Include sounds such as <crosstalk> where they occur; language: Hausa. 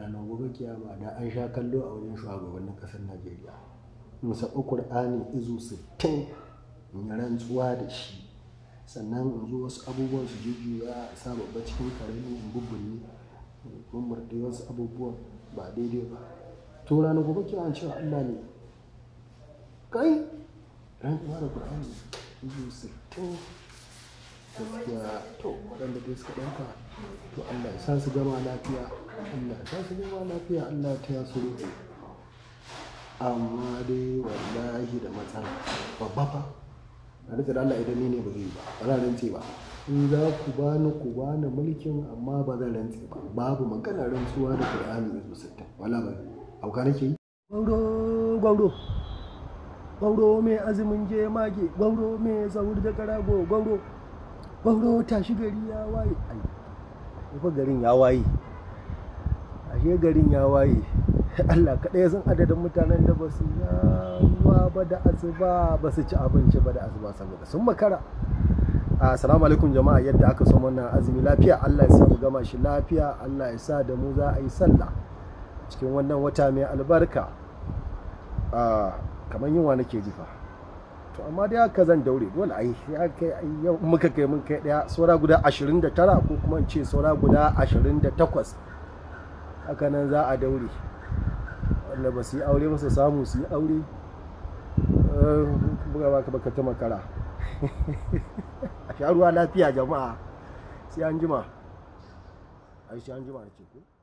ranar gobe kiyama da an sha kallo a wajen shugabannin kasar najeriya in saɓi ƙur'ani izu 60 in rantsuwa da shi sannan in zo wasu abubuwan su jujjuya a sa babba cikin karami in bubbulli mummurɗe wasu abubuwan ba daidai ba to ranar gobe kiyama cewa allah ne kai rantsuwa da ƙur'ani izu 60 gaskiya to waɗanda dai suka ɗauka to allah ya sa su gama lafiya Allah ta su nema lafiya Allah ta ya su rufe amma dai wallahi da matsala babba fa a rike da Allah idan ni ne ba zai ba ba za rantse ba in za ku bani ku bani mulkin amma ba zan rantse ba babu magana rantsuwa da Qur'ani da sittin wala ba auka nake yi gauro gauro gauro mai azumin je mage gauro mai zaur da karago gauro gauro tashi gari ya waye ai garin ya waye ashe garin ya waye <laughs> Allah kaɗai san adadin mutanen da ba su yawa ba da asuba ba su ci abinci ba da asuba saboda sun makara assalamu alaikum jama'a yadda aka so mana azumi lafiya Allah ya samu gama shi lafiya Allah ya sa da mu za a yi sallah cikin wannan wata mai albarka kamar yunwa nake jifa to amma dai haka zan daure dole ai ya kai yau muka kai mun kai daya saura guda 29 ko kuma in ce saura guda 28 haka nan za a daure wanda ba su yi aure ba su samu su yi aure eh, buga baka baka ta makara <laughs> a sha ruwa lafiya jama'a sai an jima a sha an jima da ke